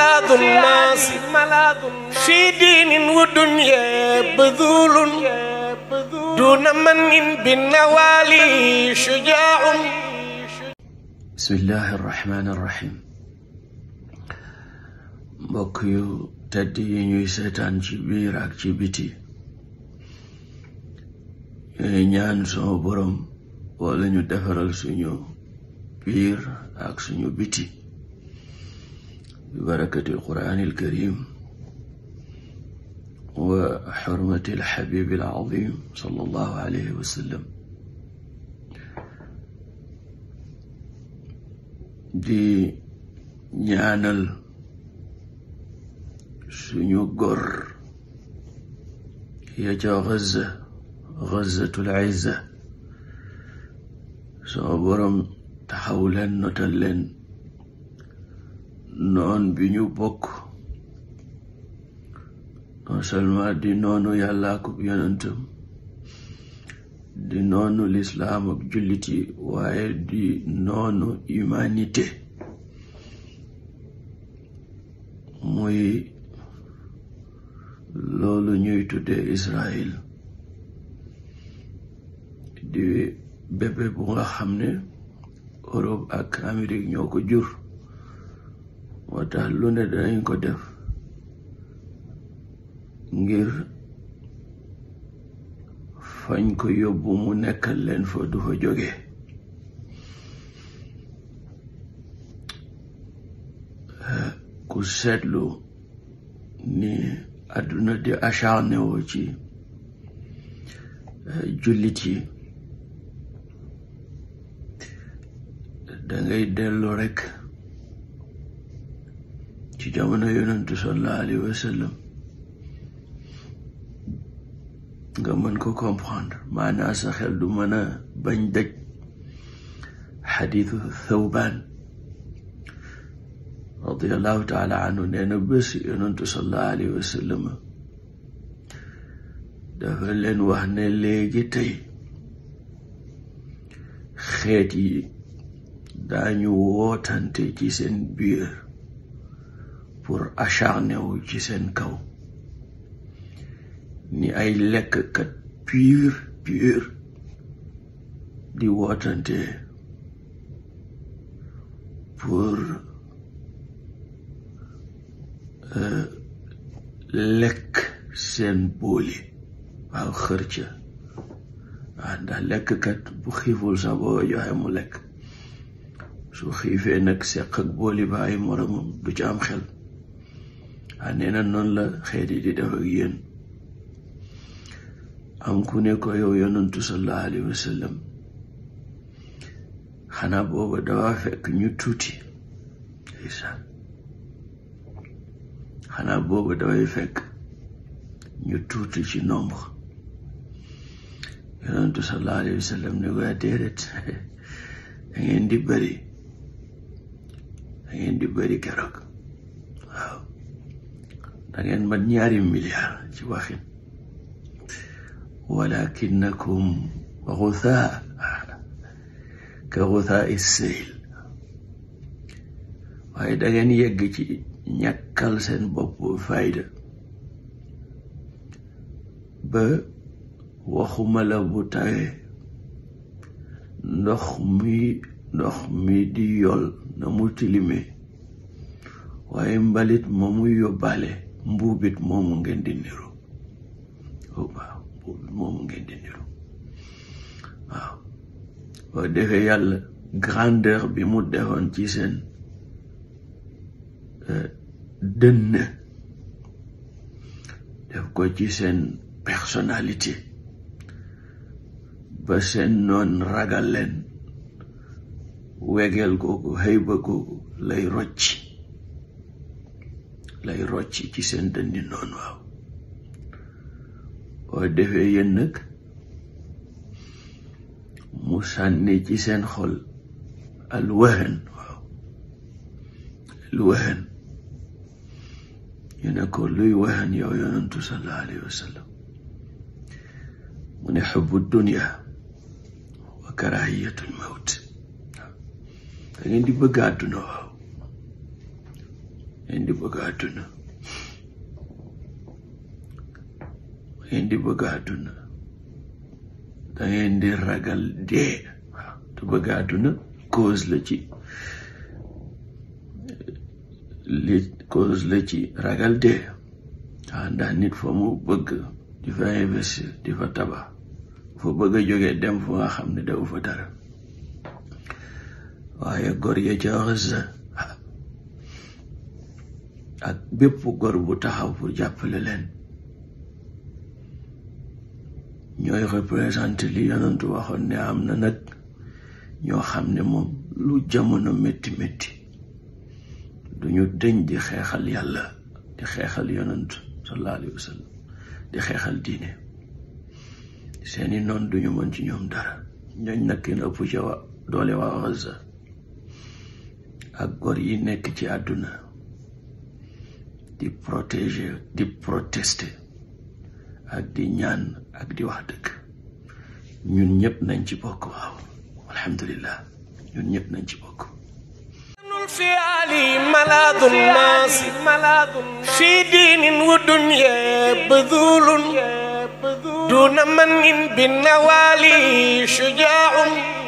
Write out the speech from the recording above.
ملاذ الناس في دين ودنيا بذول mbokk yu tedd ñuy seetaan ci biir ak ci biti ñooy ñaan sama borom wala ñu defaral suñu biir ak suñu biti ببركة القرآن الكريم وحرمة الحبيب العظيم صلى الله عليه وسلم di ñaanal suñu góor ya ca Gaza Gazatul Izza sama borom taxaw leen notal leen noon bi ñu bokk non seulement di noonu yàlla ak yonentam di noonu lislaam ak jullit yi waaye di noonu humanité muy loolu ñuy tuddee Israël di bébé bu nga xam ne Europe ak Amérique ñoo ko jur moo lu ne danañ ko def ngir fañ ko yóbbu mu nekkal leen fa du fa jóge ku seetlu ni àdduna di acharné woo ci eh, jullit yi dangay dellu rekk ci jamono yonentu sallallahu alayhi wa sallam nga mën ko comprendre maanaa sa xel du mën a bañ daj xadiitu thawbaan radiallahu taala anhu nee na bés yonentu sallallahu alayhi wa sallam dafa leen wax ne léegi tey xeet yi daañu wootante ci seen biir pour acharné wu ci seen kaw ni ay lekkkat pur pur di wootante pour euh, lekk seen booli waaw xër ca waaw ndax lekkkat bu xiiful sax boo joxe mu lekk su xiifee nag seq ak booli ba ay moromam du ca am xel ah nee na la xeet yi di def ak yéen am ku ne ko yow yonantu sallallahu alayhi wa xanaa booba dawa fekk ñu tuuti xanaa booba daway fekk ñu tuuti ci nombre yonantu sallallahu alayhi wa sallam ne ko ah, déedéet da ngeen di bëri da ngeen di bëri keroog dangeen mat ñaari milliard ci waxin walakinakum xuthaa ka xuthaa is-sayl waaye dangeen yegg ci ñàkkal seen bopp fayda ba waxuma la bu tawee ndox mi ndox mi di yool na mu tilimee waaye mbalit ma mu yóbbaale mbuubit moomu ngeen di niru oh, waaw mbuubit moomu ngeen di niru waaw boo defee yàlla grandeur bi mu defoon ci seen euh, dënn def ko ci seen personnalité ba seen noon ragal leen wegeel kooku xëyba kooku lay rocc lay rocci ci seen dëndi noonu waaw boo defee yéen nag mu sànni ci seen xol alwahan waaw alwahan ñu ne ko luy wahan yow yonantu sallallahu alayhi wa sallam mu ne xubbu dunia wa karahiyatul mawt da di bëgg àdduna waaw ngeen di bëgg àdduna ngeen di bëgg àdduna da ngeen ragal dee te bëgg àdduna cause la ci li cause la ci ragal dee waaw ah, ndax nit fa mu bëgg di fa investir di fa tabax fa bëgg a jógee dem fu nga xam ne defu fa dara waaye gor ca wax ak bépp gor bu taxaw pour jàppale leen ñooy représenté li yonantu waxoon ne am na nag ñoo xam ne moom lu jamono métti métti duñu dëñ di xeexal yàlla di xeexal yonant sallallahu alayhi wa di xeexal diine seeni noon duñu mën ci ñoom dara ñooñ nag kenn ëpp ca doole waa Gaza ak góor yi nekk ci àdduna di protéger di protester ak ñaan ak di ñun ñëpp nañ ci bokk waaw alhamdulillah ñun ñëpp nañ ci bokk فعلي ملاذ الناس في دين ودنيا بذول دون من بالنوالي شجاع